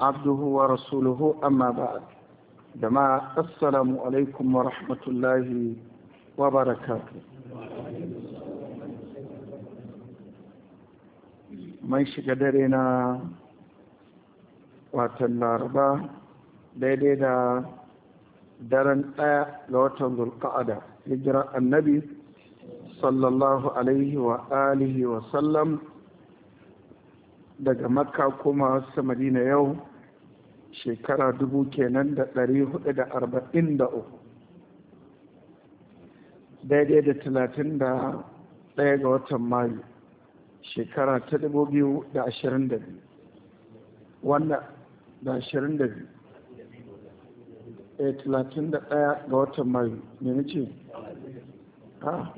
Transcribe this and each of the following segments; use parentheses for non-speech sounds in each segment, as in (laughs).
عبده ورسوله أما بعد جماعة السلام عليكم ورحمة الله وبركاته dare na watan laraba daidai da daren ɗaya ga watan zulka'ada hijira annabi sallallahu alaihi wa alihi wa sallam daga makka koma su madina yau shekara dubu kenan da ɗari hudu da arba'in da uku daidai da talatin da ɗaya ga watan mayu shekara ta dubu biyu da ashirin da biyu wanda da ashirin da biyu ɗaya eh, talatin da ɗaya ga watan mayu ne na ce ha ah.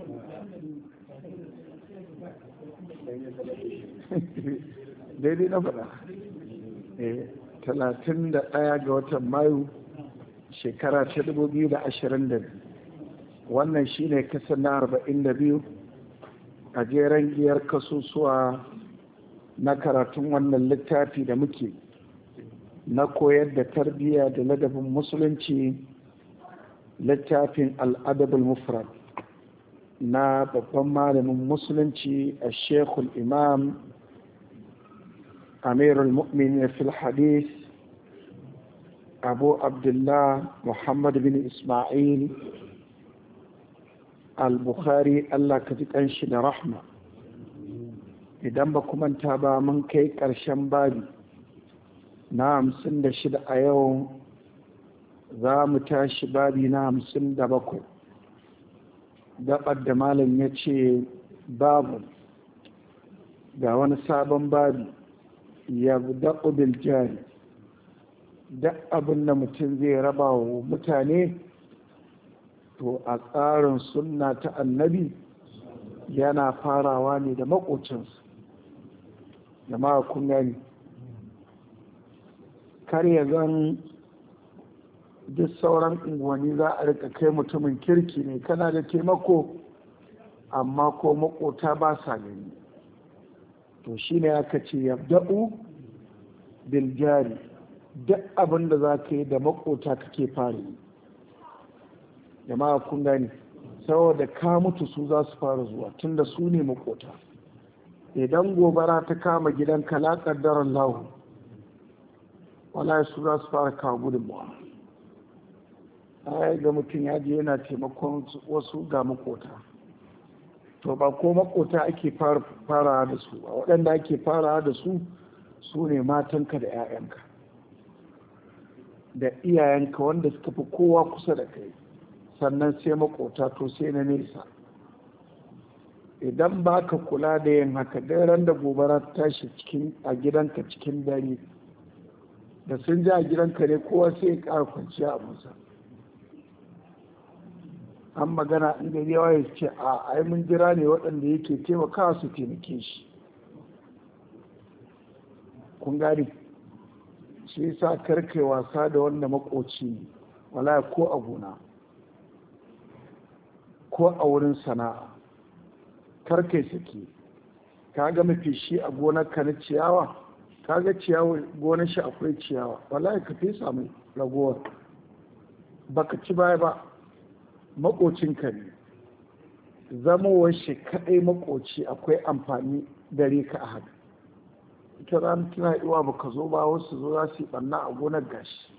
(laughs) daidai na faɗa eh, talatin da ɗaya ga watan mayu shekara ta dubu biyu da ashirin da biyu wannan ne kasa na arba'in da biyu a jeren giyar kasusuwa na karatun wannan littafi da muke na koyar da tarbiyya da ladabin musulunci littafin al'adabul mufrad na babban malamin musulunci a shekul imam أمير المؤمنين في الحديث أبو عبد الله محمد بن إسماعيل البخاري الله كتك أنشد رحمة idan ba kuma ba mun kai ƙarshen babi na hamsin da shida a yau za mu tashi babi na hamsin da bakwai gabar da malam ya ce babu ga wani sabon babi yabda'u bil jari duk abin da mutum zai raba wa mutane to a tsarin sunna ta annabi yana farawa ne da makocinsu Da kun gani kar ya zan duk sauran unguwanni za a rika kai mutumin kirki ne kana da taimako amma ko makota ba sa gani to shi ne aka ce ya da'u biljari, duk abin da za ka yi da makota kake fara yi jama'a kun gani saboda ka mutu su za su fara zuwa tunda su ne makota idan gobara ta kama gidan la kaddaran lahu wala su za su fara kawo gudunmawa ai ga mutum ya je yana taimakon wasu ga makota to ba ko makota ake fara da su ba waɗanda ake fara da su su ne matanka da 'ya'yanka da iyayenka wanda suka fi kowa kusa da kai sannan sai makota to sai na nesa idan ba ka kula da yin haka dai ran da gobara ta tashi cikin a gidanka cikin dare da sun ji a gidanka ne kowa sai ya ƙara kwanciya a musamman an magana in da yawa ya ce a ai mun jira ne waɗanda yake taimaka su taimake shi kun gane shi yasa karkai wasa da wanda makoci ne wala ko a gona ko a wurin sana'a karkai suke ka ga mafi shi a gona ka na ciyawa ka ga ciyawa gonar shi akwai ciyawa wala ka fi samun ragowar baka ci baya ba makocinka ne zamowar shi kaɗai makoci akwai amfani gare ka a haka ita ran tana iwa ba ka zo ba wasu zo za su yi ɓanna a gonar gashi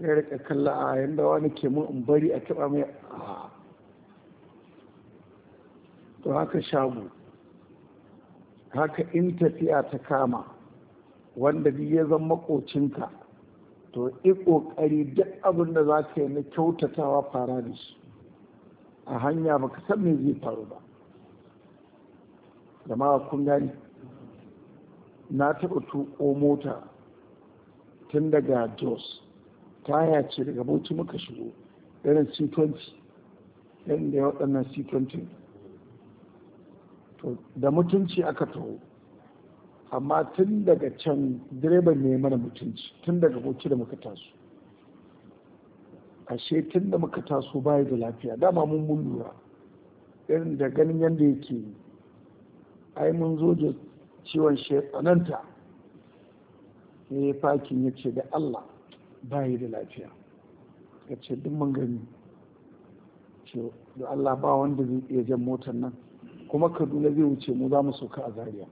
ya rika kalla a da wani ke mun in bari a taɓa mai a to haka shago haka in tafiya ta kama wanda duk ya zama makocinka to yi ƙoƙari duk abin da za ka yi na kyautatawa fara da shi a hanya ba ka san me zai faru ba jama'a kun gani na taɓa tuƙo mota tun daga jos taya ce daga bauchi muka shigo irin c20 irin da waɗannan c20 to da mutunci aka taho amma tun daga can direban ne mana mutunci tun daga hoci da muka taso ashe tun da muka taso baya da lafiya dama mun mun lura irin da ganin yadda yake yi ai mun zo da ciwon shekwananta ya yi fakin ya ce da allah baya da lafiya ya ce duk mun gani ce da allah ba wanda zai iya jan motar nan kuma kaduna zai wuce mu za mu sauka a zariya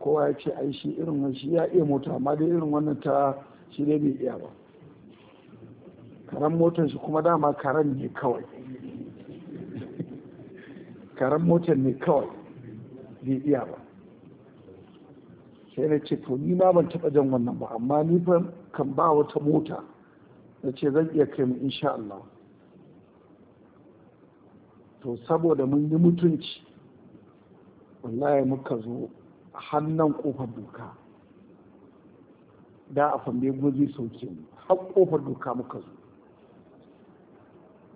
kowa ya ce ai shi irin wani shi ya iya mota amma dai irin wannan ta shi dai bai iya ba karen motar shi kuma dama karan ne kawai (laughs) karen motar ne kawai bai iya ba sai na ce to ni ma ban taba jan wannan ba amma ni fa kan ba wata mota na ce zan iya kai mu insha Allah to saboda mun yi mutunci wallahi muka zo hannun kofar doka da a fambe gozi sauke mu har kofar doka muka zo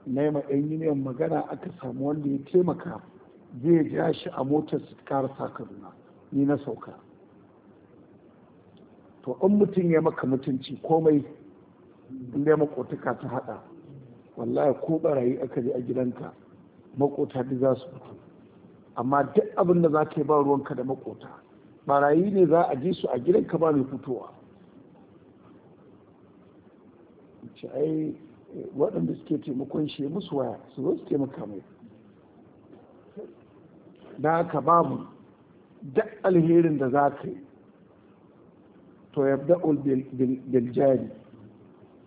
na yi ne magana aka samu wanda ya taimaka zai ja shi a motar su sa kaduna ni na sauka to in mutum ya maka mutunci komai inda ya makotuka ta hada wallahi ko barayi aka je a gidanka makota duk za su fito amma duk abin da za ka yi ba ruwanka da makota barayi ne za a je su a gidan ka ba mai fitowa ce ai waɗanda suke taimakon shi musu waya su zo su taimaka mai da ka babu duk alherin da za ka yi to yabda Ul jari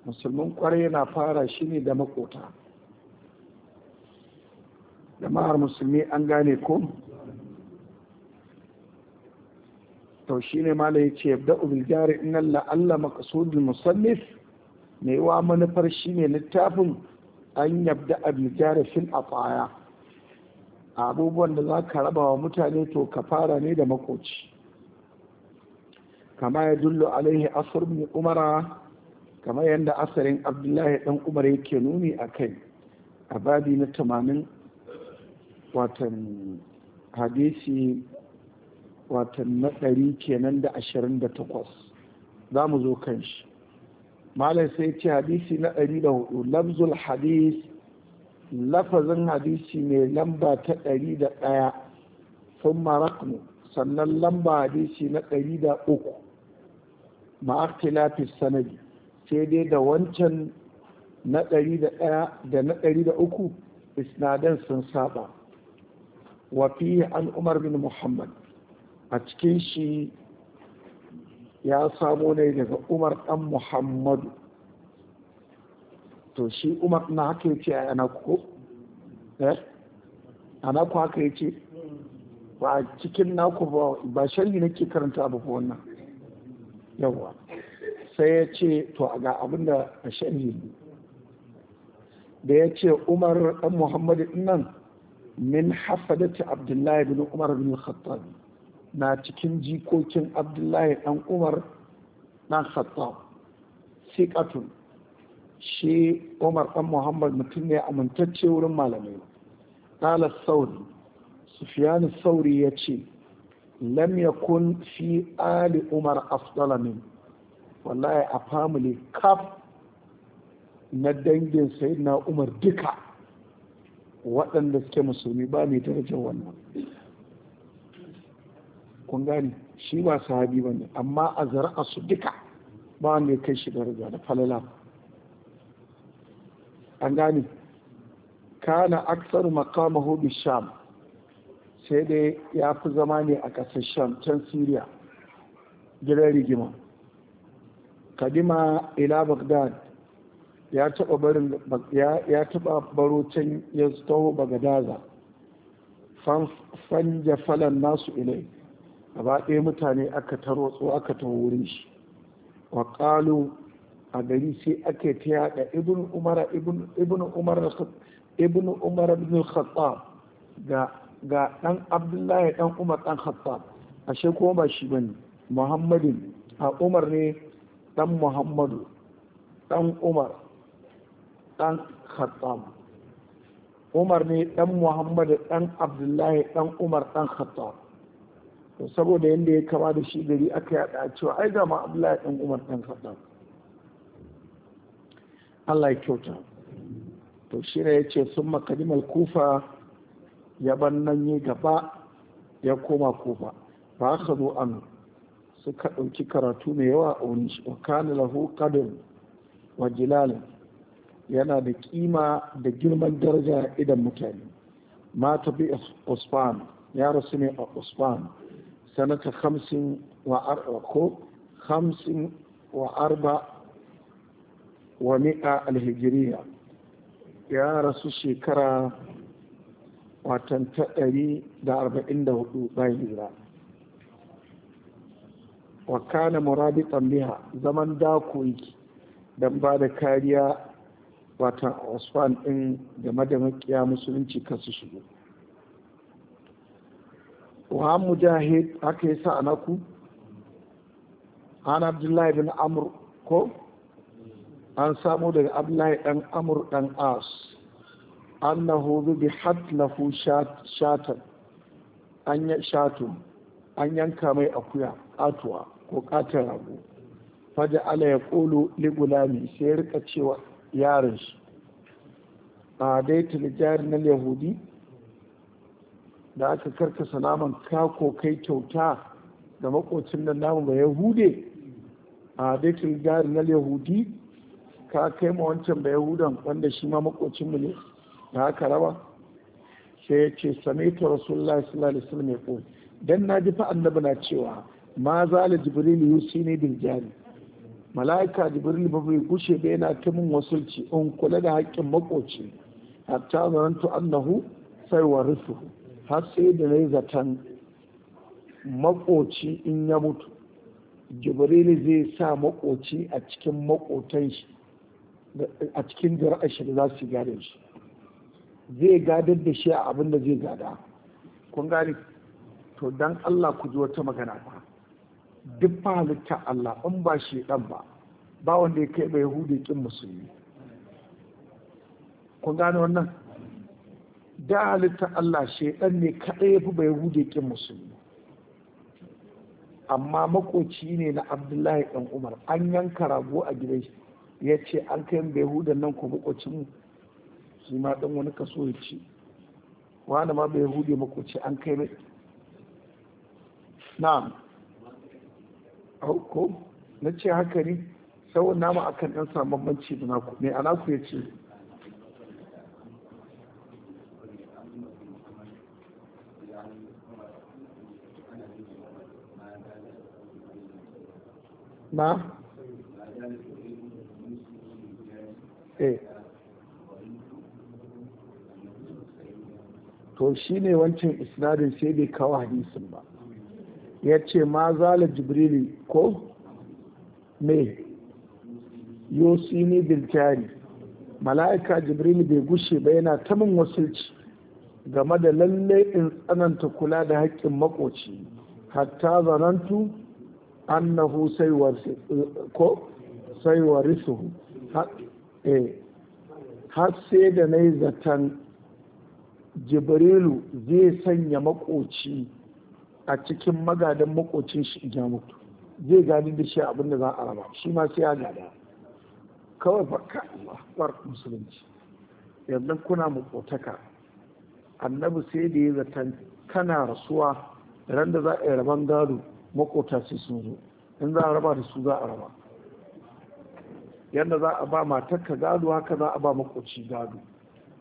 musulmin kwarai yana fara shi ne da makota jama'ar musulmi an gane ko to shine mala ce yabda bil jari inna la'alla maqsudul musannif mai wa manufar shi ne littafin an yabda bil jari fil ataya abubuwan da za ka raba wa mutane to ka fara ne da makoci kama ya dullo alaihi asar bin umara kama yadda asarin abdullahi dan umar yake nuni a kai a babi na tamanin watan hadisi watan na ɗari kenan da ashirin da takwas za mu zo kan shi malam sai ce hadisi na ɗari da hudu lafzul hadis lafazin hadisi mai lamba ta ɗari da ɗaya sun marakmu sannan lamba hadisi na ɗari da uku ma'aktilafis sanadi sai dai da wancan na ɗari da ɗaya da na ɗari da uku isnadan sun saba wa fiye an umar bin muhammad a cikin shi ya samo ne daga umar dan muhammadu to shi umar na haka yace a yana eh ana ku haka yace ba cikin naku ba ba nake karanta ba ko wannan yawa sai ya ce to ga abin da a sharri da ya ce umar dan muhammadu nan min hafadati abdullahi bin umar bin khattabi na cikin jikokin abdullahi ɗan umar ɗan khattab siƙatun shi umar ɗan muhammad mutum ne amintacce wurin malamai ɗalar sauri sufiyanu sauri ya ce lam yakun fi ali umar afdalamin wallahi a famili kaf na dangin sayyidina umar duka waɗanda suke musulmi ba mai darajar wannan kun gane shi ba sahabi bane amma a zara'a su duka ba wanda ya kai shi daraja da falala an gane kana aksar makama hudu sham sai dai ya fi zama ne a ƙasar sham can siriya gidan rigima kadima ila bagdad ya taɓa barin ya taɓa baro can ya tsawo bagadaza fan jafalan nasu ilai gaba ɗaya mutane aka tarwatsu aka taho wurin shi wa a gari sai ake ta yaɗa ibn umar ibn umar ibn umar ibn ga ga dan abdullahi dan umar dan khattab ashe ko ba shi bane muhammadin a umar ne dan muhammadu dan umar dan khattab umar ne dan muhammadu dan abdullahi dan umar dan khattab to saboda yadda ya kama da shi gari aka yada cewa ai ga ma abdullahi dan umar ɗan faɗa. allah ya kyauta to shi ne ya ce sun makalimal kufa ya ban nan yi gaba ya koma kufa ba aka zo an suka ɗauki karatu mai yawa a wani shi wakani lahu kadin wa jilalin yana da kima da girman daraja idan mutane mata bi usman ya rasu ne a usman sanata hamsin wa ko hamsin wa arba wa mi'a alhijiriya ya rasu shekara watan ta ɗari da arba'in da hudu bayan hijira wa kana murabitan biha zaman dako don ba da kariya watan osman ɗin game da makiya musulunci kasu shigo wa mujahid ake sa a naku an abdullahi bin amur ko an samu daga abdullahi dan amur dan as annahu bi hatlafu shatan an shatun an yanka mai akuya katuwa ko katin rago faja ala ya kolo ligulami sai ya rika cewa yaron shi a daitul jari na yahudi da aka karkasa naman kako kai kyauta da makocin nan namu ba yahude a baitul gari na yahudi ka kai ma wancan ba yahudan wanda shi ma makocin mu ne da aka raba sai ya ce ta rasulullahi sallallahu alaihi wasallam ya ko dan ji fa annabi na cewa ma la jibril yusini bil jari mala'ika jibril ba bai gushe ba yana ta min wasulci in kula da haƙƙin makoci hatta zarantu annahu sai warisuhu har sai da na yi zaton makoci in ya mutu Jibril zai sa makoci a cikin makotan shi a cikin jira'ar shi da za su gada shi zai gadar da shi a abin da zai gada kun gane to don Allah ku ji wata magana ba duk halitta Allah in ba shi dan ba ba wanda ya kai bai hudu kin musulmi kun gane wannan da halittar Allah shaidan ne kaɗai ya fi bai hude ƙin musulmi amma makoci ne na abdullahi ɗan umar an yanka rago a gidan shi ya ce an kai bai hude nan ko makocin mu shi ma ɗan wani kaso ya ci wani ma bai hude makoci an kai mai na'am ko na ce haka ne sau nama akan ɗan samun banci da naku mai anaku ya ce Eh. to shi ne wancan isnadin sai bai kawo hadisin ba ya ce ma zala jibrili ko me yosini bilkari mala'ika jibril bai gushe ba yana ta min wasulci game da lallai in tsananta kula da haƙƙin makoci hatta zanantu annahu sai har sai da na yi zaton jibrilu zai sanya makoci a cikin magadan makocin shi ya mutu zai gani da shi abin da za a raba shi ma sai ya gada kawai baka Allah musulunci yanzu kuna makotaka annabi sai da ya zaton kana rasuwa ran da za a yi raban gado makota sai sun zo in za a raba da su za a raba yadda za a ba matarka gado haka za a ba makoci gado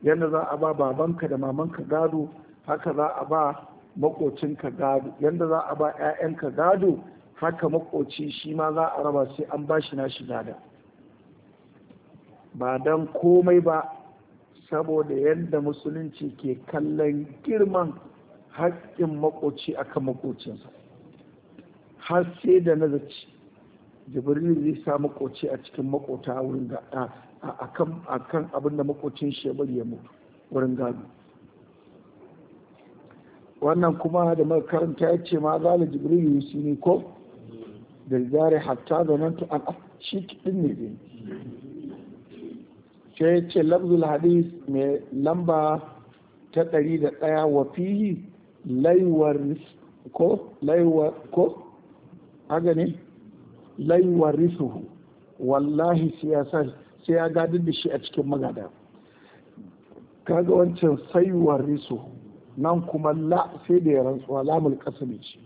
yadda za a ba babanka da mamanka gado haka za a ba makocinka gado yadda za a ba 'ya'yanka gado haka makoci shi ma za a raba sai an ba shi nashi gada ba don komai ba saboda yadda musulunci ke kallon girman haƙƙin makoci akan makocinsa har sai da na zaci jibril zai sa makoci a cikin makota wurin da a kan abin da makocin shi ya mutu wurin gado wannan kuma da makaranta ya ce ma zala jibril yusi ne ko da zare hatta zanantu an ah, shi ɗin ne zai sai ya ce lafzul hadis mai lamba ta ɗari da ɗaya wa fihi laiwar ko agani ne warisuhu wallahi sai ya gadi da shi a cikin magada kaga wancan sai warisuhu nan kuma la sai da ya rantsuwa lamul kasami ce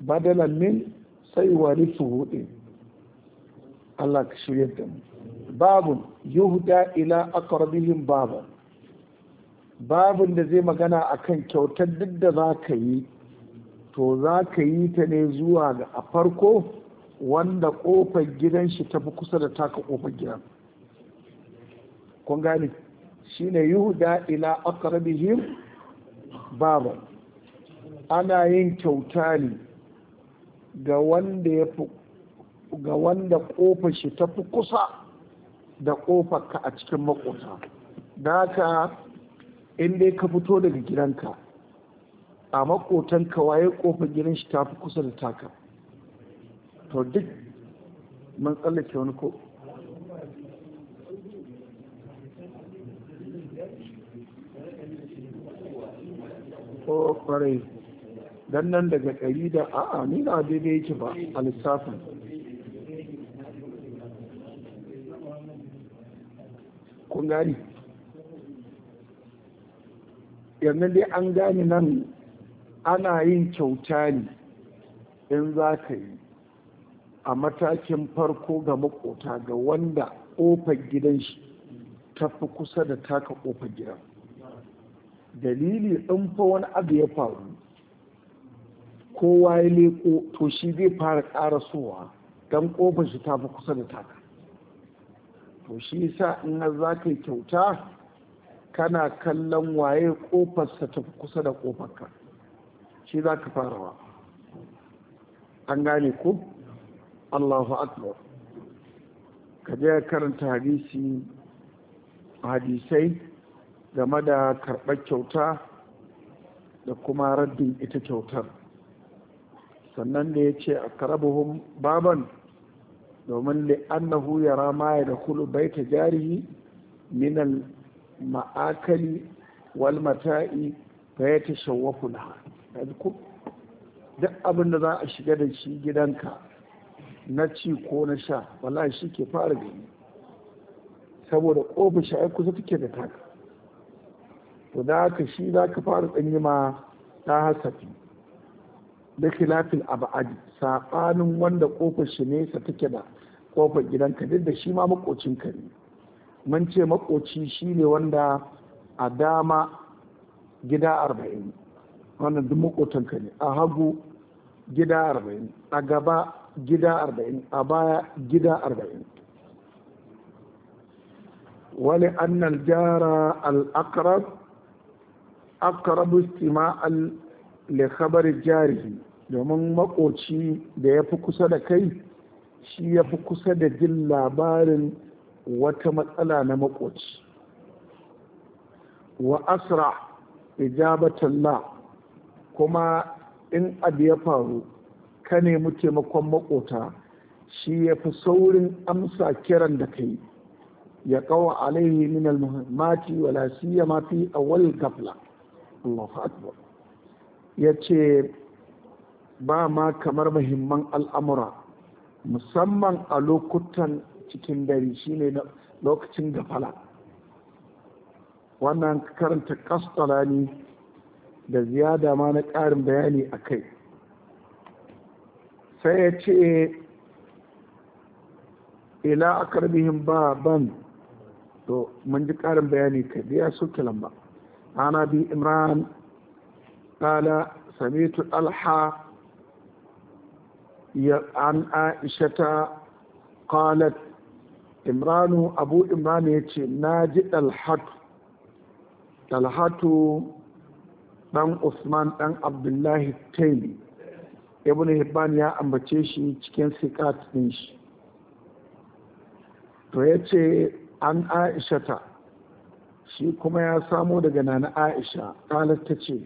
badalan min sai warisuhu din Allah ka shirya da mu babun yuhda ila aqrabihim baban babun da zai magana akan kyautar duk da za ka yi to za ka yi ta ne zuwa ga a farko wanda kofar gidan shi ta fi kusa da taka kofar gidan kun gane shi ne yuhuda ila aqrabihim babu. ana yin kyauta ne ga wanda ya fi ga wanda kofar shi ta fi kusa da kofar ka a cikin makota da haka in dai ka fito daga gidanka a makotan kawaye kofar gidan shi ta fi kusa da taka to duk man tsallake wani ko ko kwarai dan nan daga ɗari da a'a ni na daidai yake ba a lissafin kun gani yanzu dai an gane nan ana yin kyauta ne in za ka yi a matakin farko ga makota ga wanda ƙofar gidan shi ta fi kusa da taka ƙofar gidan dalili in fa wani abu ya faru kowa ya leko to shi zai fara suwa don ƙofar shi ta fi kusa da taka to shi yasa in za ka yi kyauta kana kallon waye ƙofarsa ta fi kusa da ƙofarka shi za ka farawa an gane ku? allahu akbar ka je karanta hadisi hadisai game da karɓar kyauta da kuma raddin ita kyautar sannan da ya ce a karabuhun baban domin li'annahu ya rama ya da kulu baita jarihi minal ma'akali wal mata'i ta ya tashawwafu laha duk abin da za a shiga da shi gidanka na ci ko na sha wallahi shi ke fara gani saboda kofin shi kusa take da taka to da haka shi za ka fara tsanyi ma ta hasafi da khilafin abadi saɓanin wanda ƙofa shi nesa take da ƙofar gidanka duk da shi ma makocinka ne mun ce makoci shi ne wanda a dama gida arba'in wannan duk makotanka ne a hagu gida arba'in a gaba gida arba'in a baya gida arba'in wani annal jara al'akarar akarabu istima'al lekhabarin jari, domin makoci da ya fi kusa da kai shi ya fi kusa da jin labarin wata matsala na makoci wa asra ijabatallah kuma in abu ya faru ka nemi taimakon makota shi ya fi saurin amsa kiran da kai ya kawo alaihi min almuhimmati wala siyama fi awwal gafla Allahu akbar yace ba ma kamar muhimman al'amura musamman a lokutan cikin dare shine lokacin gafala wannan karanta kastalani da ziyada ma na ƙarin bayani a kai sai ya ce ila akarbihin ba ban to mun ji ƙarin bayani kai biya su lamba ana bi imran ƙala samitu alha an aishata qalat imranu abu imran ya ce na ji dalhatu dan usman dan abdullahi taili ibn hibban ya ambace shi cikin sikat din shi to ya ce an ta. shi kuma ya samo daga nana aisha kalar ta ce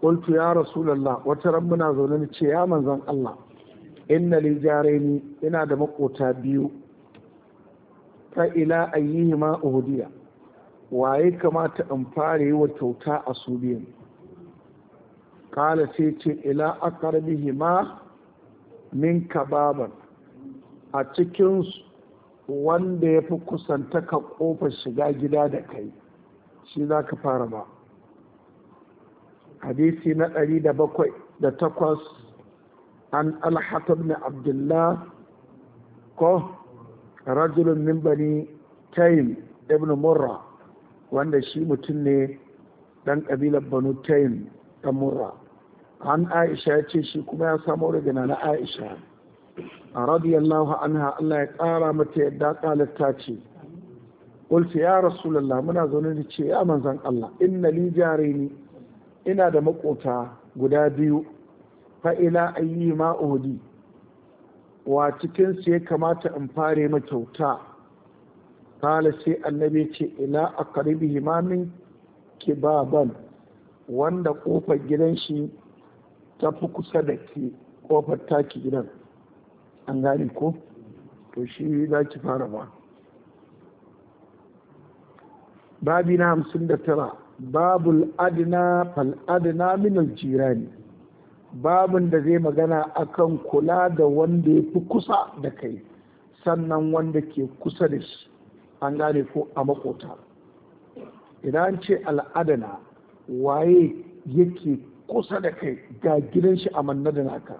ƙultu ya rasulullah wata ran muna zaune ni ce ya manzon allah inna li ina da makota biyu fa ila ayyihima uhudiya waye kamata in fara yi wa kyauta a su biyun kala sai ce ila akarbihi ma min kababan a cikin wanda ya fi kusanta ka kofar shiga gida da kai shi za ka fara ba hadisi na ɗari da bakwai da takwas an alhatar na abdullah ko rajulun min bani tayin ibn murra wanda shi mutum ne dan kabilar banu tayin dan an aisha ya ce shi kuma ya samo daga na aisha A radiyallahu anha Allah ya kara mata yadda qalat ta ce qultu ya rasulallah muna zaune da ce ya manzan Allah inna li jarini ina da makota guda biyu fa ila yi ma wa cikinsu su ya kamata in fare ma kyauta kala sai annabi ce ila a karibi himamin kibaban wanda kofar gidan shi ta fi kusa da ke kofar taki gidan an gane ko to shi za ki fara ba babi na hamsin da tara babul adina fal adina min jirani babin da zai magana akan kula da wanda ya fi kusa da kai sannan wanda ke kusa da shi an gane ko a makota idan ce al'adana waye yake kusa da kai ga gidan shi a manna da naka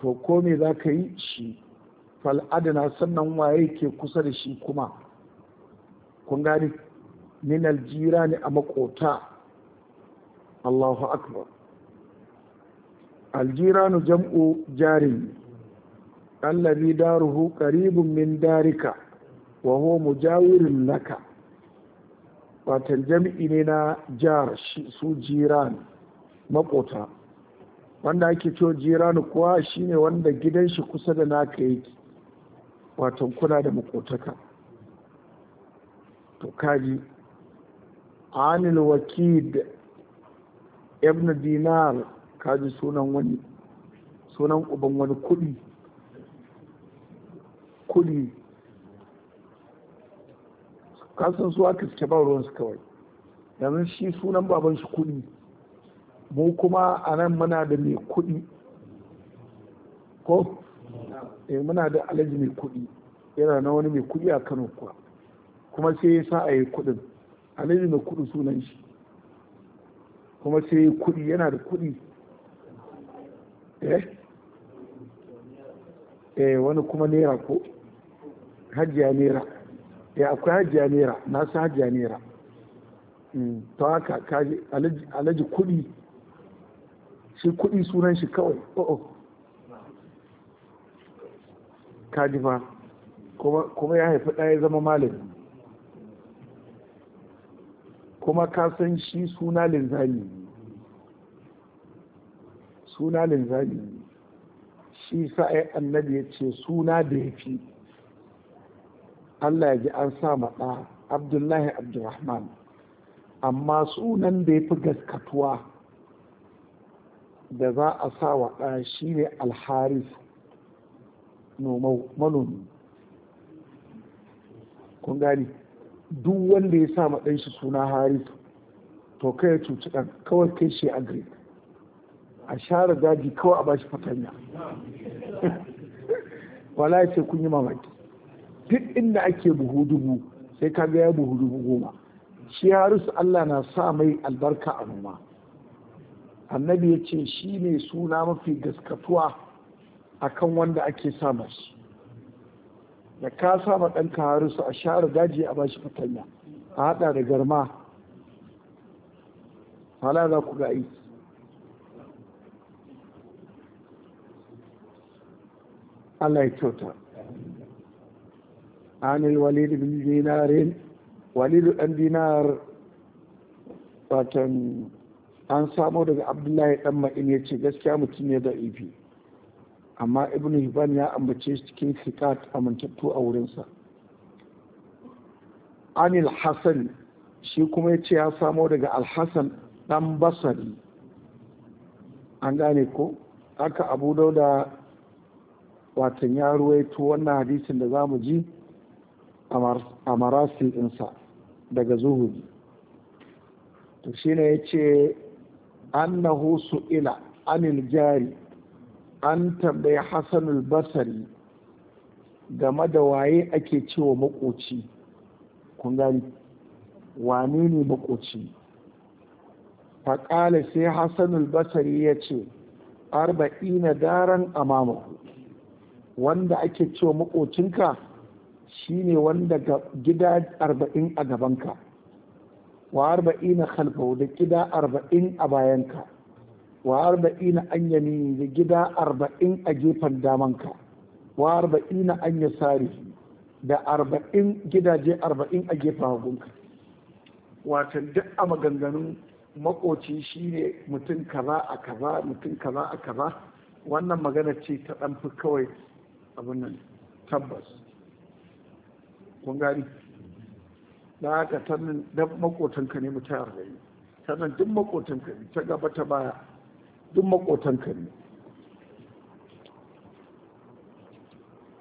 to ko me za ka yi shi fal'adana sannan waye ke kusa da shi kuma kun gani min aljira ne a makota allahu akbar aljiranu jam'u jarin allazi daruhu qaribun min darika wa huwa mujawirin laka watan jami'i ne na jar su jiran makota wanda ake cewa jiran kuwa shine wanda gidan shi kusa da naka yake watan kuna da makotaka to kaji anil wakid ibn dinar kaji sunan wani sunan uban wani kudi kudi kasan su aka suke ba su kawai yanzu shi sunan baban shi kuɗi mu kuma a nan muna da mai kuɗi ko eh, muna da alaji mai kuɗi yana na wani mai kuɗi a kano kuwa kuma sai ya sa a yi kuɗin alaji mai kuɗi sunan shi kuma sai ya kuɗi yana da kuɗi eh eh wani kuma naira ko hajiya naira ya eh, akwai hajjiya naira na su hajjiya naira mm, ta haka kaji alaji kuɗi shi kuɗi sunan shi kawai o'o oh, oh. kaji fa kuma ya haifi ɗaya zama malami kuma ka san shi suna linzami suna linzami shi sa'ai annabi ya ce suna da ya fi Allah ya ji an sa maɗa Abdullahi Abdurrahman amma sunan da ya fi gaskatuwa da za a sa wa ɗa shi ne alharis manomi kun gani duk wanda ya sa ɗan shi suna haris to kai ya cuci ɗan kawai kai shi a gari a share gaji kawai a bashi fatanya wala ya ce kun yi mamaki duk inda ake buhu dubu sai ka ga ya buhu dubu goma shi harisu Allah na sa mai albarka a noma annabi ya ce shi ne suna mafi gaskatuwa akan wanda ake sa shi da ka sa ma ɗanka harisu a share daji a bashi fatanya a haɗa da garma hala za ku ga'i Allah ya kyauta عن الوليد بن دينار وليد بن دينار watan an samo daga abdullahi dan ma'in ya ce gaskiya mutum ne da ifi amma ibn hibban ya ambace shi cikin sikat amintattu a wurinsa anil hassan shi kuma ya ce ya samo daga alhassan dan basari an gane ko haka abu dauda watan ya ruwaito wannan hadisin da za mu ji a marasil insa daga zuhuri to shine ya ce annahu su'ila anil jari an tambayi hassanul basari game da waye ake cewa makoci kun gani wane ne makoci faƙala sai Hassanulbasari basari ya ce arba'ina daren amamaku wanda ake cewa makocinka shine wanda gida arba'in a gabanka wa arba'ina khalfahu da gida arba'in a bayanka wa arba'in an yamini da gida arba'in a gefen damanka wa arba'in na an yasari da arba'in gidaje arba'in a gefen hagunka Wata duk a maganganun makoci shine mutum kaza a kaza mutum kaza a kaza wannan magana ce ta ɗanfi kawai abin nan tabbas kun gani da haka sannan dan makotanka ne mutum arba'in sannan duk makotanka ne ta gaba ta baya duk makotanka ne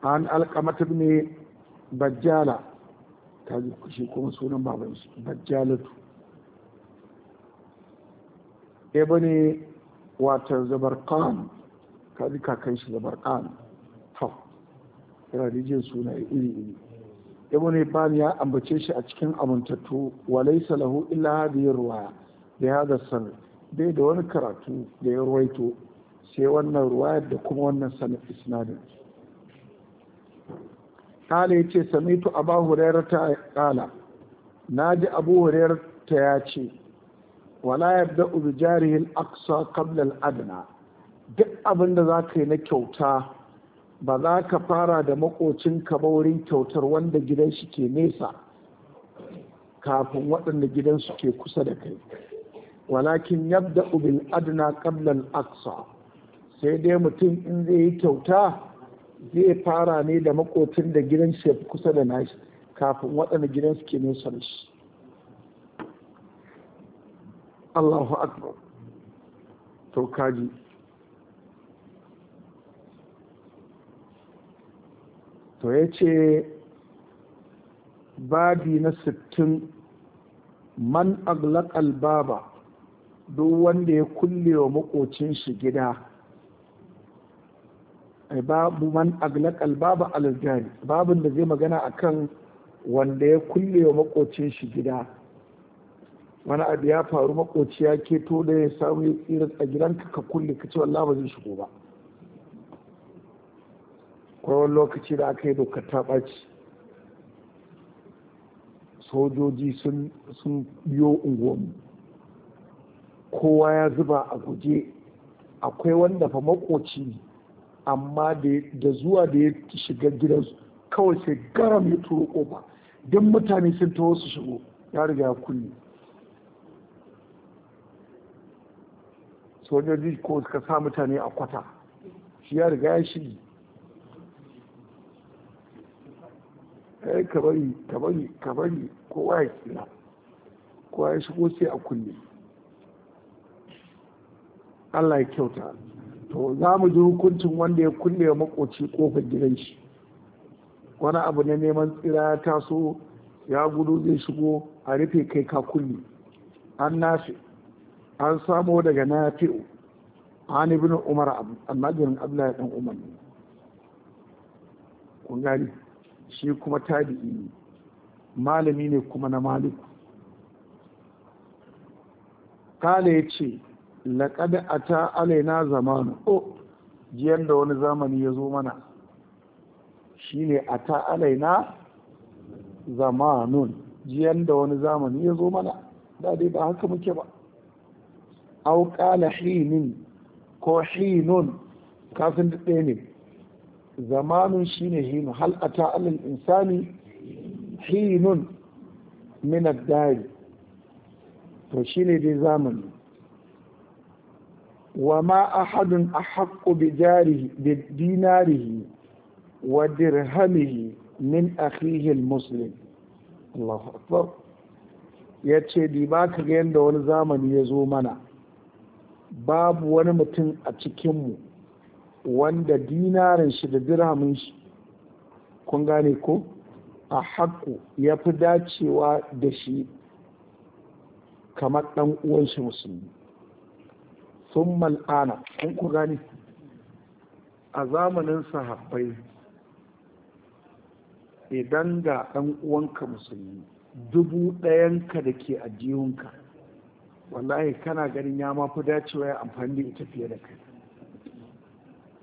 an alkamata ne bajjala ta ji shi kuma sunan baban su bajjalatu ibn wata zabarkan ka ji kakan shi zabarkan to yana da jin sunaye iri iri ibn Hibban ya ambace shi a cikin amintattu wa laysa lahu illa hadhihi ruwaya bi hadha sanad bai da wani karatu da ya ruwaito sai wannan ruwayar da kuma wannan sanad isnadin kala yace, samitu abu hurairah ta kala na abu hurairah ta yace. wala yabda bi al aqsa qabla al adna duk abin da zaka yi na kyauta ba za ka fara da makocinka ba wurin kyautar wanda gidan shi ke nesa kafin waɗanda gidan su ke kusa da kai walakin yadda Ubin adna ƙablan aksa sai dai mutum in zai yi kyauta zai fara ne da makocin da gidan shi kusa da nashi kafin waɗanda gidan su ke nesa da shi Allahu akbar to kaji to ya ce babi na sittin man aglaq albaba duk wanda ya kulle wa makocin shi gida babu man aglaq albaba aljari babin da zai magana akan wanda ya kulle wa makocin shi gida wani abu ya faru makociya ya keto da ya samu ya tsira a gidanka ka kulle ka ce wallahi ba zai shigo ba wani lokaci da aka yi dokar ta ɓaci sojoji sun biyo unguwanmu kowa ya zuba a guje akwai wanda fa makoci amma da zuwa da ya shiga gidansu kawai sai garam ya turo kofa don mutane sun taho su shigo ya riga ya kulle sojoji ko suka sa mutane a kwata shi ya riga ya shigi. ai eh, ka bari ka bari ka bari kowa ya kira kowa ya shigo sai a kulle Allah ya kyauta to za mu ji hukuncin wanda ya kulle wa makoci kofar gidan shi wani abu na neman tsira ya taso ya gudu zai shigo a rufe kai ka kulle an nafi an samo daga nafi'u an ibn umar annabiyin abdullahi dan umar kun gani shi kuma tabi'i ne malami ne kuma na maliku kala ya ce laƙad a ta alaina zamanu o jiyan da wani zamani ya zo mana Shi ne a ta alaina zamanun jiyan da wani zamani ya zo mana da dai ba haka muke ba au ƙala hinin ko hinun kafin ɗaya ne zamanun shine hinu hal a ta'alin insani hinun minar dari to shine dai zamani wa ma a hadin a haƙƙo da dinarihi wa dirhamihi min akhihi muslim Allahu akbar yace di ba ka ga yanda wani zamani ya zo mana babu wani mutum a cikinmu wanda dinarin shi da dirhamin shi kun gane ko a haku ya fi dacewa da shi kamar ɗan uwan shi musulmi sun mal'ana kun ku gane a zamanin sahabbai idan ga ɗan uwanka musulmi dubu ɗayanka da ke ajiyunka wallahi kana ganin ya mafi dacewa ya amfani da ita fiye da kai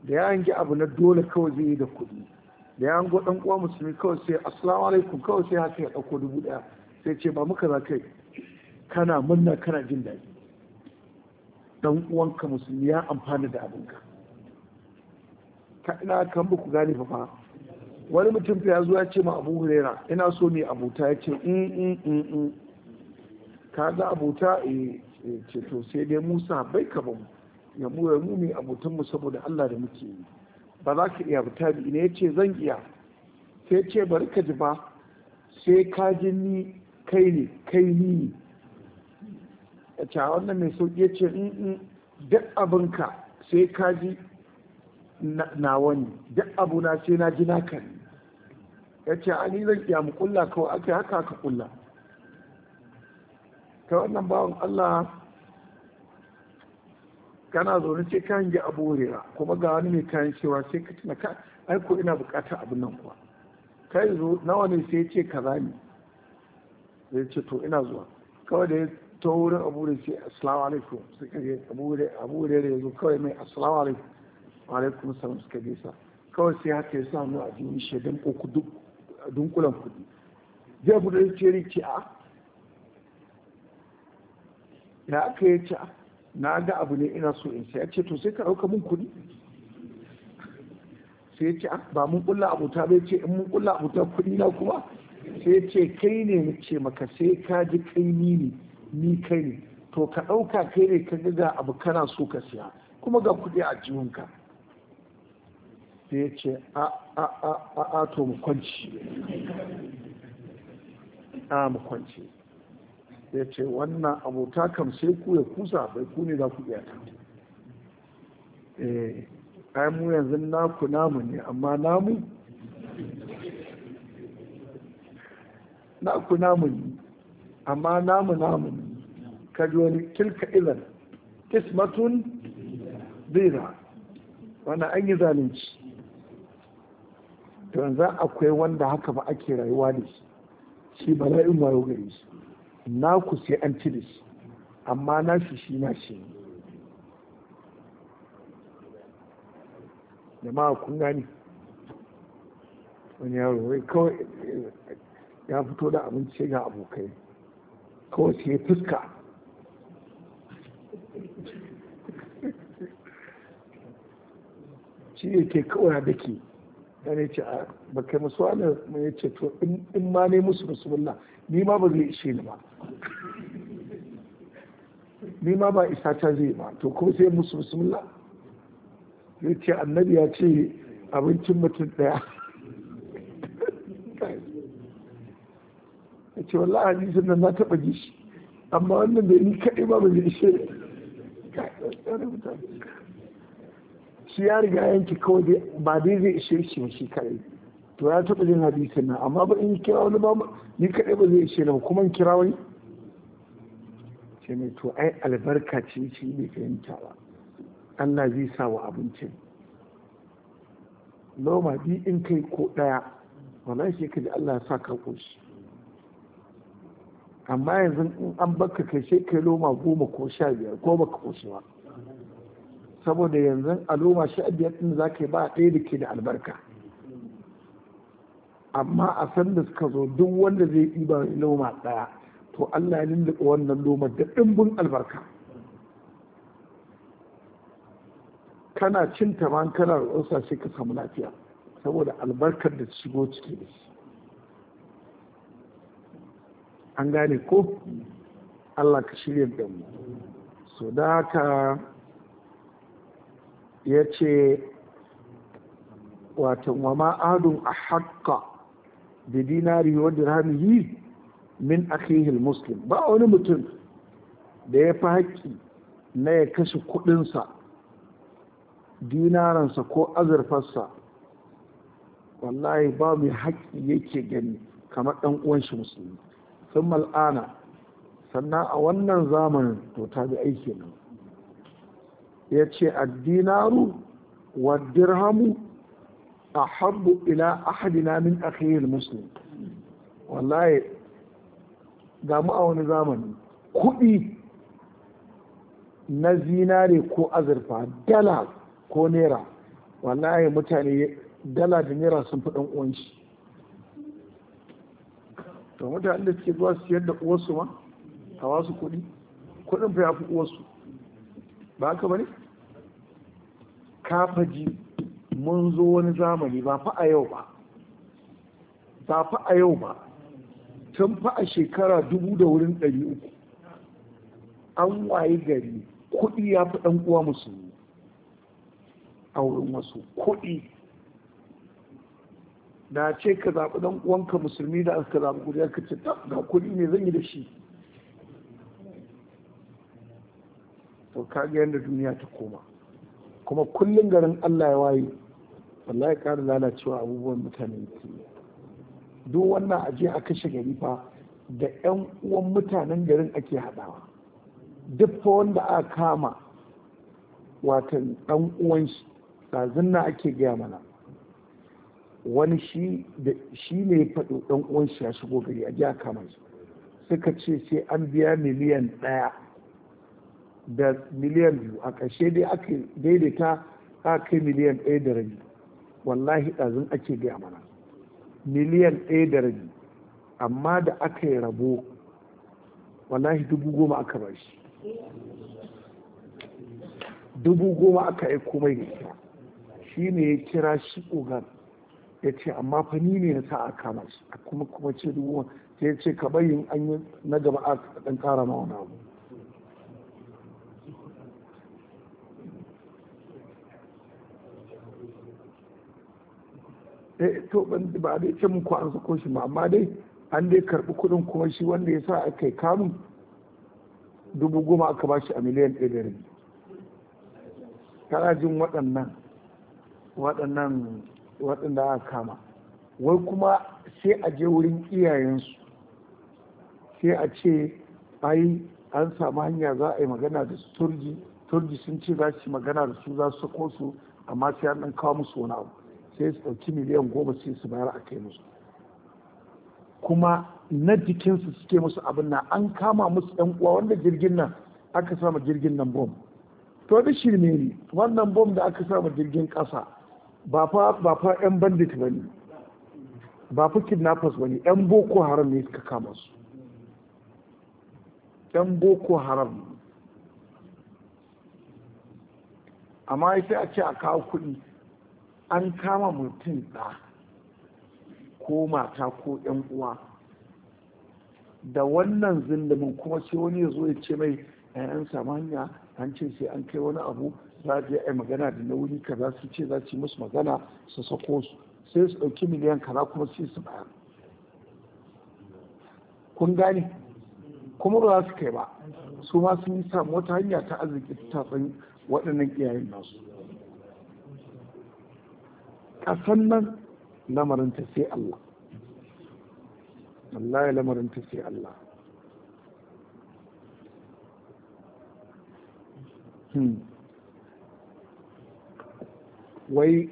da ya yi abu na dole kawai zai yi da kuɗi da ya hango ɗan uwa musulmi kawai sai assalamu alaikum kawai sai haka ya ɗauko dubu ɗaya sai ce ba muka za kai kana murna kana jin daɗi ɗan uwanka musulmi ya amfana da abinka ka ina kan buku gane fa fa wani mutum ya zo ya ce ma abu hurera ina so ne abuta ya ce in in in in ka ga abuta eh ce to sai dai musa bai ka ba mu ya mu mu mai abotan mu saboda Allah da muke yi ba za ka iya fita ina ne yace zan iya sai ce bari ka ji ba sai ka ji ni kai ne kai ni a ce wannan mai sauki ya ce mm, mm, duk abinka sai ka ji na wani duk abu sai na ji naka ne ya ce ani zan iya mu kulla kawai aka haka aka kulla ta wannan bawan Allah kana zaune ce ka hangi abu wurera kuma ga wani mai kayan cewa sai ka tuna ka aiko ina bukatar abin nan kuwa kai zo nawa ne sai ce ka ne zai ce to ina zuwa kawai da ya to wurin abu sai assalamu alaikum sai ka abu da abu da ya zo kawai mai assalamu alaikum wa alaikum salam suka gaisa kawai sai haka ya sa mu a jini shi dan ku duk dunkulan kudi zai bude ce ce a ya aka yi ce a na ga abu ne ina so in sai ya ce to sai ka ɗauka mun kudi sai ce ah, ba mun ƙulla abuta bai ce in mun ƙulla abuta kuɗi na kuma sai ya ce kai ne na ce maka sai ka ji kai ni ne ni kai ne to ka ɗauka kai ne ka ga abu kana so ka siya kuma ga kuɗi a jihunka sai ya ce a a a a to mu kwanci (laughs) a mu kwanci ya ce wannan abota kam sai ku ya kusa bai ku ne za ku iya ta eh ai mu yanzu naku namu ne amma namu naku namu ne amma namu namu ne kaji wani tilka ilan kismatun zira wannan an yi zalunci to yanzu akwai wanda haka ba ake rayuwa da shi shi bala'in wayo gare shi na ku sai an cire shi amma na shi shi na shi jama'a kun gani wani yaro wai kawai eh, ya fito da abinci ga abokai kawai sai fuska (laughs) shi ne ke kawai da ke ya ne ce a bakai musu wani ya ce to in ma ne musu musulullah ni ma ba zai ishe ni ba ni ma ba isa ta zai ba to ko sai musu bismillah ya ce annabi ya ce abincin mutum daya ya ce wallah hadisin nan na taba ji shi amma wannan da ni kaɗai ba ba zai ishe shi ya riga yanki kawai ba dai zai ishe shi shi kare to ya taɓa jin hadisin nan amma ba in kira wani ba ni kaɗai ba zai ishe na kuma in kira wani Sai mai to ai albarka ce ce bai fahimta ba Allah zai sa wa abincin noma bi in kai ko ɗaya wala shi ka ji Allah sa ka ƙoshi amma yanzu in an baka kai sai kai loma goma ko sha biyar ko baka ƙoshi ba saboda yanzu a loma sha biyar ɗin za ka yi ba ɗaya da ke da albarka amma a san da suka zo duk wanda zai ɗiba loma ɗaya to Allah ya lulluɓe wannan loma da dimbin albarka kana cin taman kana rosa sai ka samu lafiya saboda albarkar da shigo ciki da shi an gane ko Allah ka shirya da mu so da haka ya ce watan wama adun a haƙƙa da dinari wa yi min akhihi muslim ba wani mutum da ya fi haƙƙi na ya kashe kuɗinsa dinaransa ko azurfarsa wallahi ba mai haƙƙi yake gani kamar ɗan uwan shi musulmi sun mal'ana sannan a wannan zamanin to ta bi aiki nan ya ce addinaru wa dirhamu A ahabbu ila ahadina min akhiril muslim wallahi ga a wani zamani kuɗi na zinare ko azurfa dala ko naira wallahi mutane dala da naira sun fi ɗan uwanci to mutane da suke zuwa su yadda uwarsu ma a wasu kuɗi kuɗin fa ya fi uwarsu ba haka ba ne kafaji mun zo wani zamani ba fa a yau ba ba fa a yau ba tun fa a shekara dubu da wurin ɗari uku an waye gari kuɗi ya fi ɗan uwa musulmi a wurin wasu kuɗi na ce ka zaɓi ɗan uwanka musulmi da aka zaɓi kuɗi ka ce ga kuɗi ne zan yi da shi to kaga yadda duniya ta koma kuma kullum garin Allah ya waye wallahi kara lalacewa abubuwan mutane duk wannan aje a kashe gari fa da 'yan uwan mutanen garin ake hadawa duk fa wanda aka kama watan ɗan uwan shi ɗazin na ake gaya mana wani shi da shi ne ya faɗo ɗan uwan shi ya shigo gari a jiya kama shi suka ce sai an biya miliyan ɗaya da miliyan biyu a ƙarshe dai aka daidaita aka kai miliyan ɗaya da rabi wallahi ɗazun ake gaya mana miliyan ɗaya da rabi amma da aka yi rabo wallahi dubu goma aka ba shi dubu goma aka yi komai da ita shi ne ya kira shi ogan ya ce amma fa ni ne na sa a kama shi kuma kuma ce dubu sai ya ce ka bayin an yi na gaba a ɗan ƙara ma wani abu eh to ba dai ce muku an sako shi ba amma dai an dai karbi kudin kuma shi wanda ya sa aka yi kamun dubu goma aka bashi a miliyan ɗaya da rabi kana jin waɗannan waɗannan waɗanda aka kama wai kuma sai a je wurin iyayensu sai a ce ai an samu hanya za a yi magana da su turji turji sun ce za su magana da su za su sako su amma sai an kawo musu wani abu sai su ɗauki miliyan goma sai su bayar a kai musu kuma na jikinsu suke musu abin nan an kama musu yan uwa wanda jirgin nan aka sama jirgin nan bom to da shirme ne wannan bom da aka sama jirgin ƙasa ba fa ba fa yan bandit ba ne ba fa kidnappers ba ne yan boko haram ne suka kama su yan boko haram amma sai a ce a kawo kuɗi an kama mutum ɗa ko mata ko ‘yan uwa da wannan zindamin kuma sai wani ya zo ya ce mai ya'yan eh, samu hanya an ce sai an kai wani abu za a je a magana da na wuri kaza su ce za su yi musu magana su sako su sai su ɗauki miliyan kaza kuma sai su bayar kun gane kuma ba za su kai ba su ma sun yi samu wata hanya ta arziki ta tsan waɗannan iyayen nasu kasan nan lamarinta sai Allah wallahi lamarinta sai Allah hmm. wai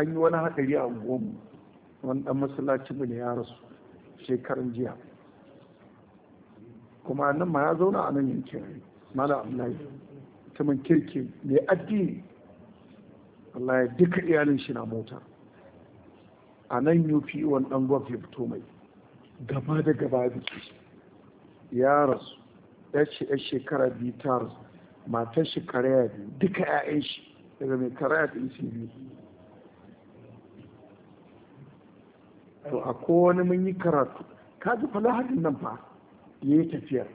an yi wani haɗari a unguwanmu wani ɗan masallaci ya rasu shekaran jiya kuma nan ma ya zauna a nan yankin mala amlai mutumin kirki mai addini ya duka iyalin shi na mota a nan yufi wani ɗan gwamnati ya fito mai gaba da gaba biki ya rasu ya ce ya shekara biyu ta rasu matar shi karaya biyu duka 'ya'yan shi daga mai karaya ta isi biyu to a kowane mun yi karatu ka ji fa lahadin nan fa ya yi tafiya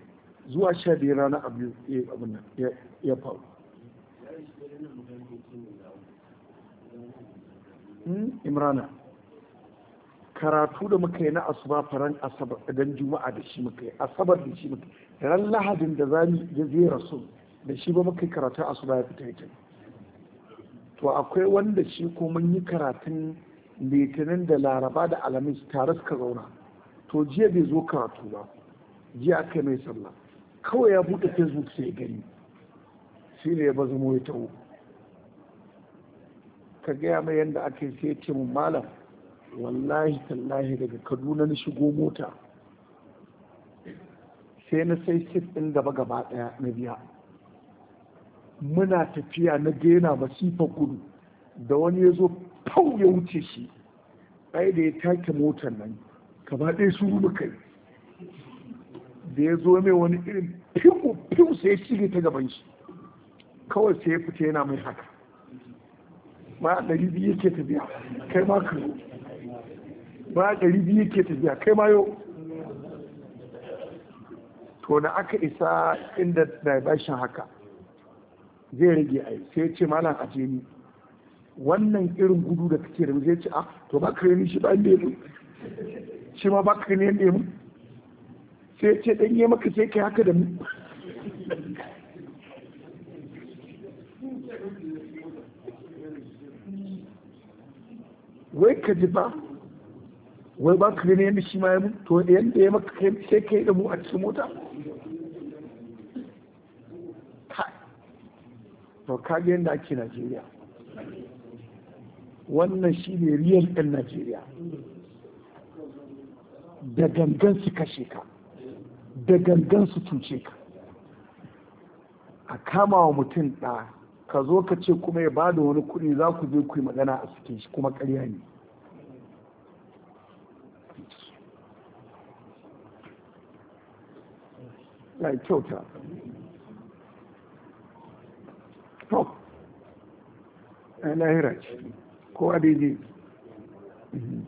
zuwa sha biyar rana abu ya faru imrana karatu da muka yi na asuba faran asabar dan juma'a da shi muka yi asabar da shi muka yi ran lahadin da za mu ya zai rasu da shi ba muka yi karatu asuba ya fita ita to akwai wanda shi ko mun yi karatun litinin da laraba da alamis tare suka zauna to jiya bai zo karatu ba jiya aka yi mai sallah kawai ya buɗe facebook sai gani shi ne ya bazu mu ya taho ka gaya mai yadda ake yi ce mun malam wallahi tallahi daga kaduna na shigo mota sai na sai kit ɗin gaba gaba ɗaya na biya muna tafiya na daina masifar gudu da wani ya zo fau ya wuce shi ɗaya da ya take motar nan gaba ɗaya su muka yi da ya zo mai wani irin fiwu fiwu sai ya shige ta gaban shi kawai sai ya fita yana mai haka a ɗari biyu yake tafiya kai ma ba a ɗari biyu yake tafiya kai ma yau to na aka isa inda na bashin haka zai rage yi sai ce malam a ni wannan irin gudu da kake da zai ce a ah, to ba ka ni shi ba ne mu shi ma ba ka ne mu sai ce dan yi maka sai kai haka da mu wai ka ji ba wai ba ka gani yadda shi ma ya mun to yadda ya maka kai sai ka yi damu a cikin mota to ka ga yadda ake najeriya wannan shi ne riyal ɗin najeriya da gangan su kashe ka da gangan su tuce ka a kama wa mutum ɗaya ka zo ka ce kuma ya ba da wani kuɗi za ku je ku yi magana a cikin shi kuma ƙarya ne ya yi kyauta to ya lahira ce kowa daidai mhm.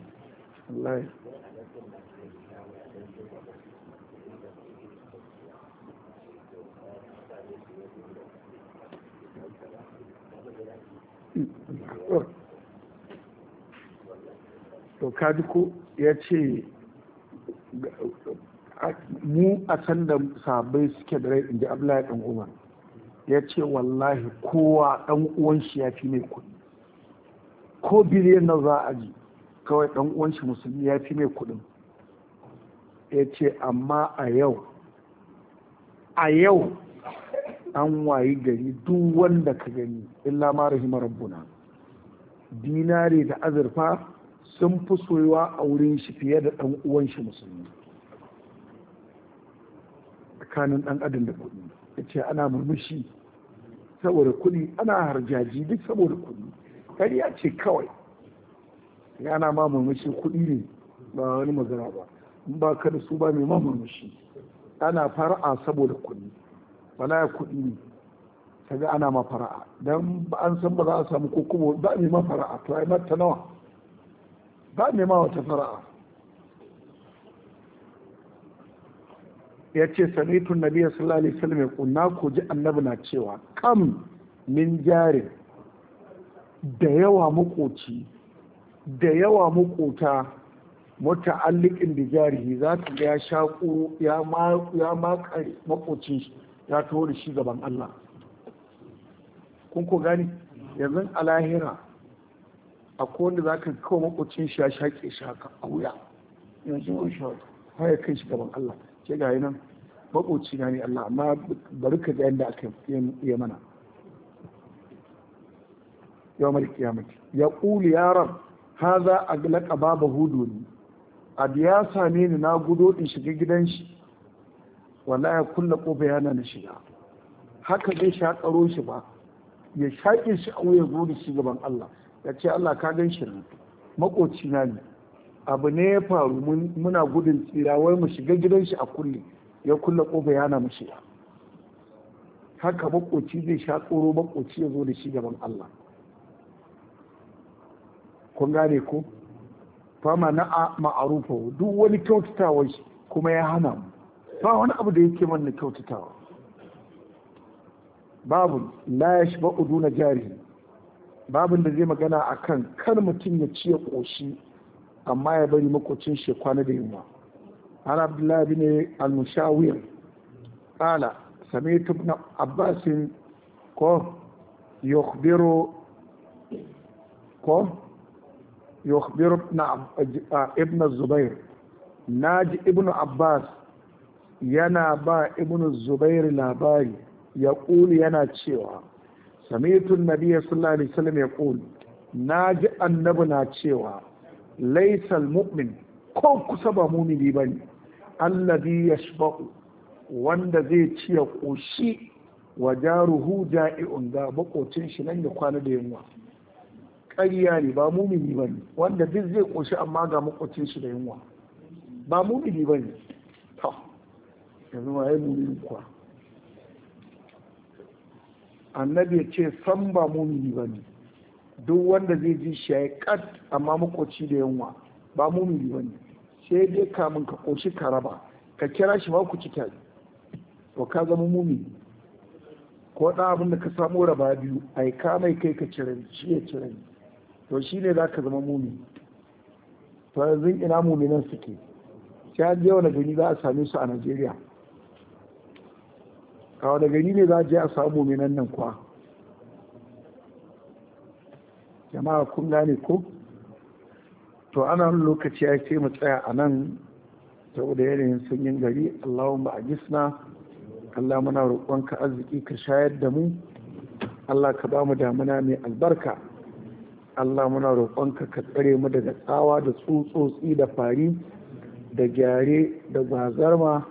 Allah ya to kaji ko ya ce mu a san da sabai suke da rai in ji abdullahi dan umar ya ce wallahi kowa dan uwan shi ya fi mai kuɗi ko biliyan na za a ji kawai dan uwan shi musulmi ya fi mai kuɗi ya ce amma a yau a yau an wayi gari duk wanda ka gani illa ma rahima rabbuna dinare da azurfa sun fi soyuwa a wurin shi fiye da ɗan uwan shi musulmi tsakanin ɗan adam da kuɗi ya ce ana murmushi saboda kuɗi ana harjaji duk saboda kuɗi ya ce kawai na ma murmushi kuɗi ne ba wani magana ba ba ka da su ba mai ma murmushi ana fara'a saboda kuɗi wala kuɗi ne kaga ana mafara'a dan an san ba za a samu ko kuma ba a nema fara'a to ai mata nawa ba a ma wata fara'a ya ce samitu nabi sallallahu alaihi wasallam ya kunna ko ji annabi na cewa kam min jari da yawa makoci da yawa makota muta'alliqin bi jarihi za ta ya shaƙo ya ma ya makare makocin shi ya kawo da shi gaban Allah kun ko gani yanzu a lahira a kowanne za ka kawo makocin shi ya shaƙe shi haka a wuya yanzu an shaƙe har ya kai shi gaban Allah ke ga nan makoci na ne Allah amma bari ka ga yadda aka yi mana yau mai kiyamaki ya ƙuli yaran haza a laƙaba ba hudu ne abu ya same ni na gudo in shiga gidan shi ya kulla kofa yana na shiga haka zai shakaro shi ba ya shaƙe shi a wuya zo shi gaban Allah ya ce Allah ka gan shi nan makoci na ne abu ne ya faru muna gudun tsira wai mu shiga gidan shi a kulle ya kulla kofa yana mu shiga haka makoci zai sha tsoro makoci ya zo da shi gaban Allah kun gane ko fama na ma'arufa duk wani kyautatawa kuma ya hana mu ba wani abu da yake manna kyautatawa babu la ya shi na jari babin da zai magana a kan kar mutum ya ci ya ƙoshi amma ya bari makocin shi kwana da yunwa an abdullahi ne al-mushawir qala sami'tu na abbas ko yukhbiru ko yukhbiru ibn zubair ji ibn abbas yana ba ibn zubair labari ya ƙuli yana cewa samitun nabiya sallallahu alaihi wasallam ya ƙuli na ji annabi na cewa laisal mu'min ko kusa ba mumini ba ne allazi yashba'u wanda zai ci ya ƙoshi wa jaruhu ja'i'un ga makocin shi nan ya kwana da yunwa ƙarya ne ba mumini ba ne wanda duk zai ƙoshi amma ga makocin shi da yunwa ba mumini ba ne yanzu ma ya mumini kuwa annabi ya ce san ba mumini ba ne duk wanda zai ji shi ya yi kat amma makoci da yunwa ba mumini ba ne sai dai kamun ka koshi ka raba ka kira shi ma ku cika to ka zama mumini ko ɗan abin da ka samu raba biyu a ka mai kai ka cire shi ya cire to shi ne za ka zama mumini to yanzu ina muminan suke sai an je wani gani za a same su a najeriya kawo daga gari ne za a je a samu minan nan kuwa jama'a kun gane ko to ana lokaci ya ce mu tsaya a nan saboda yanayin sanyin gari allahun ba a gisna allah muna roƙonka arziki ka shayar da mu allah ka ba mu damuna mai albarka allah muna roƙonka ka tsare mu daga tsawa da tsutsotsi da fari da gyare da gwazarma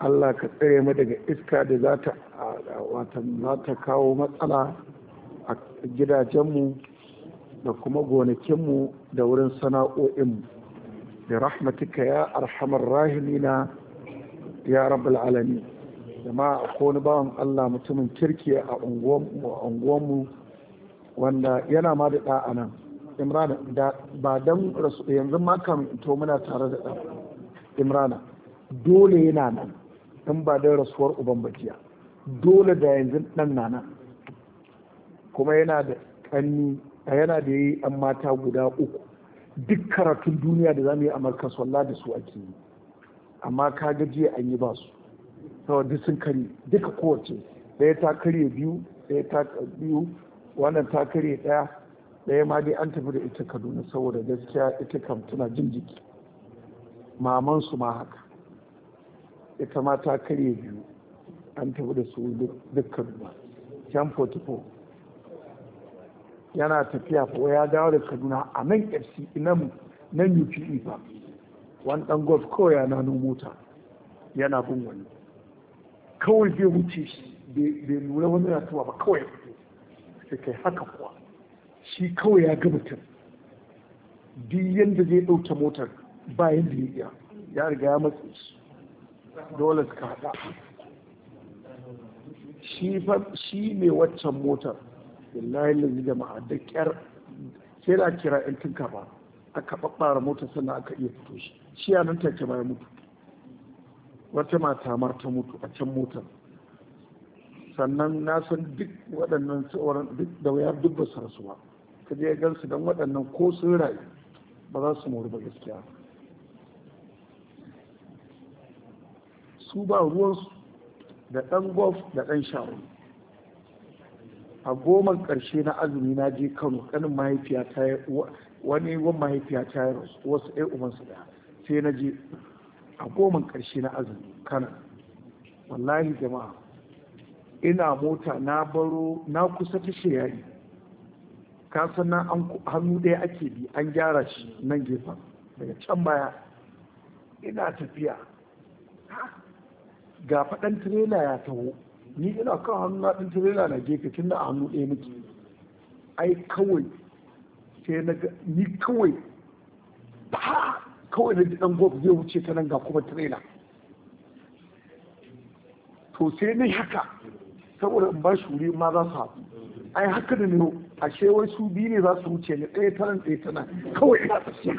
Allah ka tsere mu daga iska da za ta za kawo matsala a gidajenmu da kuma gonakinmu da wurin sana'o'inmu da rahmatika ya arhamar rahimina ya rabbal da ma ko wani bawan Allah mutumin kirki a unguwanmu wanda yana ma da ɗa'a nan imrana ba don yanzu ma to muna tare da imrana dole yana nan in ba dai rasuwar uban bakiya dole da yanzu ɗan nana kuma yana da ƙanni yana da yi an mata guda uku duk karatun duniya da za mu yi a wallah da su ake yi amma ka gaji an yi ba su saboda sun kari duka kowace daya ta karye biyu daya ta biyu wannan ta karye ɗaya daya ma dai an tafi da ita kaduna saboda gaskiya ita kam tana jin jiki mamansu ma haka ita ma ta karye biyu an tafi da su dukkan jan 44 yana tafiya ko ya dawo da kaduna a nan fc nan nan upe ba wani dan golf kawai ya nano mota yana bin wani kawai zai wuce shi bai lura wani na tuwa ba kawai sai kai haka kuwa shi kawai ya gabatar duk yadda zai ɗauke motar ba yadda ya ya riga ya matsa shi dole suka haɗa shi ne waccan motar wallahi lalzi jama'a da kyar sai da kira yan tunka ba aka kaɓaɓɓara motar sannan aka iya fito shi shi a nan take bayan mutu wata mata mar ta mutu a can motar sannan na san duk waɗannan tsoron duk da wayar duk sarasuwa su ka je gansu don waɗannan ko sun rayu ba za su moru ba gaskiya su ba ruwansu da ɗan golf da ɗan shawo a goman ƙarshe na azumi na je kano ƙanin mahaifiya ta yi wani yawan mahaifiya ta yi wasu ɗaya umarsu ɗaya sai na je a goman ƙarshe na azumi kano wallahi jama'a ina mota na baro na kusa ta shayari ka san na hannu ɗaya ake bi an gyara shi nan gefen daga can baya ina tafiya ga faɗan tirela ya taho ni ina kan hannu na tirela na gefe tun da a hannu ɗaya muke ai kawai sai na ga ni kawai ba kawai na ji ɗan gof zai wuce ta nan ga kuma tirela to sai na haka saboda in ba shuri ma za su haɗu ai haka da ne a shewar su biyu ne za su wuce ni ɗaya ta nan ɗaya ta nan kawai ina tafiya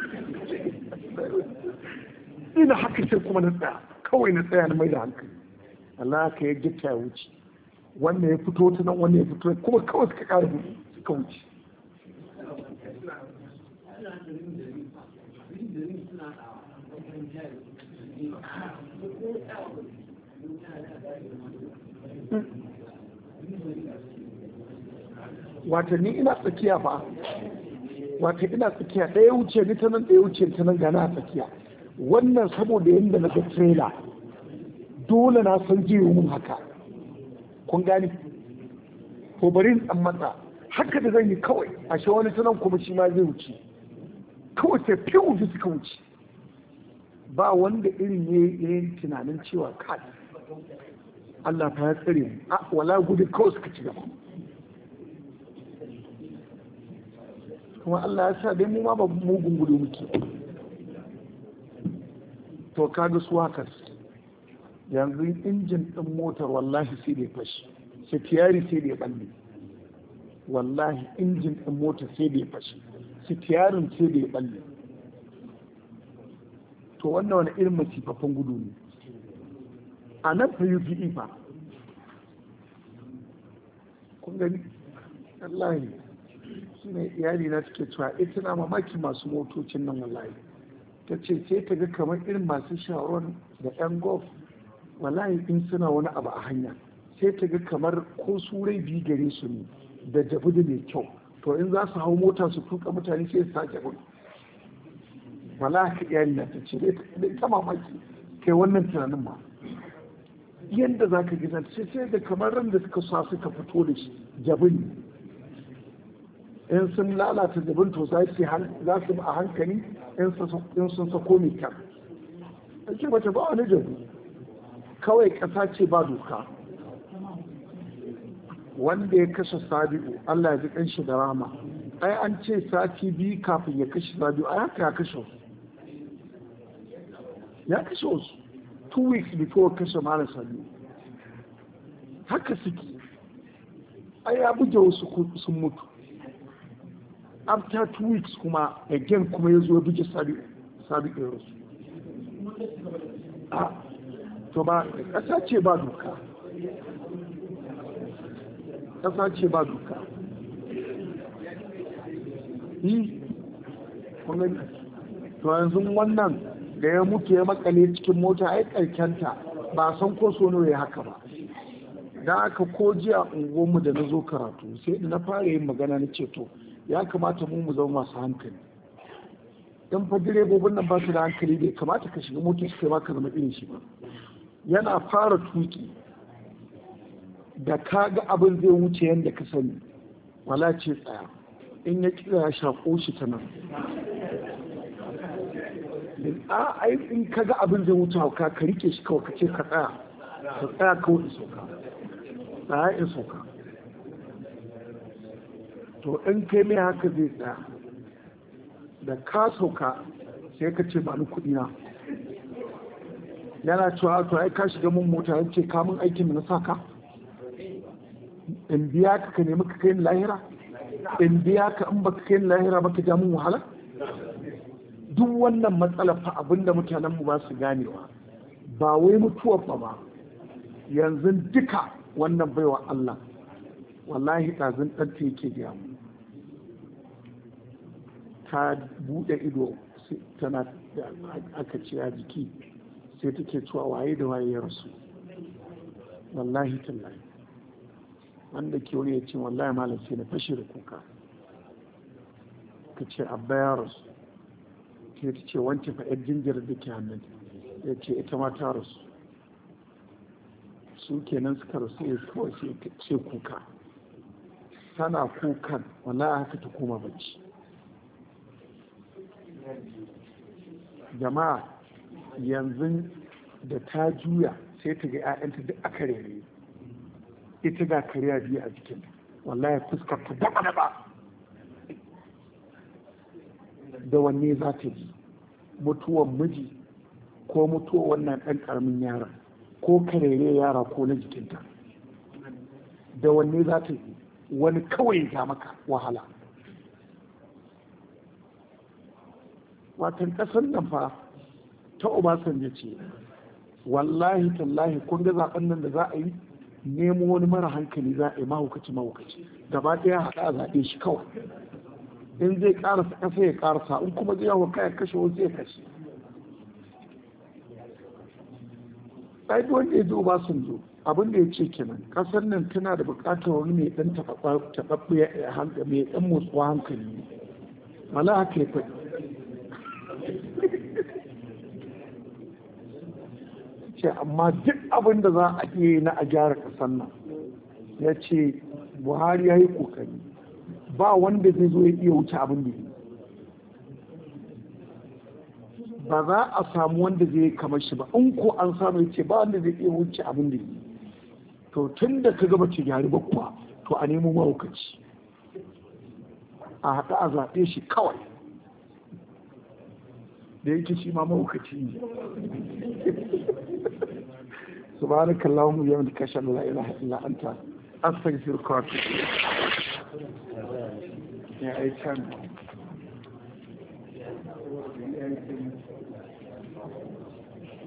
ina haka sai kuma na tsaya kawai na tsaya na mai da hankali Allah ka ya gita ya wuce wannan ya fito ta nan wannan ya fito kuma kawai suka ƙara gudu suka wuce wata ni ina tsakiya fa wata ina tsakiya ɗaya wuce ni ta nan ɗaya wuce ta nan gana a tsakiya wannan saboda yadda na ga trailer dole na san zai mun haka kun gane ko bari in matsa haka da zan yi kawai a shi wani tunan kuma shi ma zai wuce kawai sai fi wuce suka wuce ba wanda irin ne ya yi tunanin cewa kai Allah ta ya tsare mu a wala gudu kawai suka ci gaba kuma Allah ya sa dai mu ma ba mugun gudu muke to kaga suwakar yanzu injin ɗin motar wallahi sai da ya fashi sitiyari sai da ya balle wallahi injin ɗin motar sai da ya fashi sitiyarin sai da ya balle to wannan wani irin masifafan gudu ne a nan fa yufi ifa e kun gani wallahi shi ne iyali na suke cewa ita eh, na mamaki masu motocin nan wallahi ta ce sai ta ga kamar irin masu shawarar da 'yan golf wallahi in suna wani abu a hanya sai ta ga kamar ko surai biyu gare su ne da jabu da mai kyau to in za su hau mota su tuka mutane sai su sake gudu wallahi iyali na ta ce da ta mamaki kai wannan tunanin ma yadda za ka gina sai sai da kamar ran da suka sa suka fito da shi jabu ne. in sun lalata jabin to za su a hankali in sun sako mai kyan ake ba wani jabu kawai ƙasa ce ba doka wanda ya kashe sabi'u Allah ya ji ƙanshi da rama ai an ce sati biyu kafin ya kashe sabi'u A haka ya kashe wasu ya kashe wasu two weeks before kashe mara sabi'u haka suke ai ya buge wasu sun mutu after two weeks kuma again kuma ya zo ya buge sabi ɗin rasu a ah, to ba ƙasa ce ba doka ƙasa ce ba duka yi to yanzu wannan da ya mutu ya makale cikin mota ai ƙarkenta ba san ko so ya haka ba da aka ko jiya unguwanmu da na zo karatu sai na fara yin magana na ceto ya kamata mu mu zama masu hankali dan fa direbobin nan ba su da hankali bai kamata ka shiga motocin kai ma ka zama irin shi ba yana fara tuki da ka ga abin zai wuce yadda ka sani wala ce tsaya in ya kira ya shaƙo shi ta nan a in ka ga abin zai wuce hauka ka rike shi kawai ka ce ka tsaya ka tsaya kawai in sauka tsaya in sauka to in kai mai haka zai tsaya da ka sauka sai ka ce bani kuɗi na yana cewa to ai ka shiga mun mota ya ce kamun aikin mu na saka, in biya ka ka nemi ka kai ni lahira in biya ka in baka kai ni lahira ba ka ja mun wahala duk wannan matsala fa abinda mutanen mu ba su ganewa ba wai mutuwar ba ba yanzu duka wannan baiwa Allah wallahi ɗazin ɗanta yake ga mu ta buɗe ido tana aka ce a jiki sai take cewa waye da waye ya rasu wallahi tallahi wanda ke wani ya ce wallahi malam sai na fashe da kuka ka ce abba ya rasu sai ta ce wancan fa jinjar da ke hannun ya ce ita ma ta rasu su kenan suka rasu ya kawai sai kuka tana kukan wallahi haka ta koma bacci jama'a yanzu da ta juya sai ta ga 'ya'yanta duk aka rere ita ga kariya biyu a jikin wallahi fuskar ta daba daba da wanne za ta ji mutuwan miji ko mutuwan wannan ɗan ƙaramin yara ko karere yara ko na jikinta da wanne za ta yi wani kawai ya maka wahala watan kasan nan fa ta ya ce wallahi tallahi kun ga zaben nan da za a yi nemo wani mara hankali za a yi mahaukaci mahaukaci gaba ɗaya haɗa a zaɓe shi kawai in zai ƙarasa ƙasa ya ƙarasa in kuma zai yawon kayan kashe wani zai kashe ai wanda ya zo ba sun zo abin da ya ce kenan ƙasar nan tana da buƙatar wani mai ɗan taɓaɓɓe eh, mai ɗan motsuwa hankali mala haka ya faɗi ce amma duk abin da za a iya na a gyara kasan nan ya ce buhari ya yi ƙoƙari ba wanda zai zo ya iya wuce abin da yi ba za a samu wanda zai yi kamar shi ba in ko an samu ya ce ba wanda zai iya wuce abin da yi to tun da ka gaba ce gyari ba kuwa to a nemo mahaukaci a haɗa a zaɓe shi kawai da yake shi ma mahaukaci ne سبحانك اللهم وبحمدك اشهد ان لا اله الا انت استغفرك واتوب يا ايتام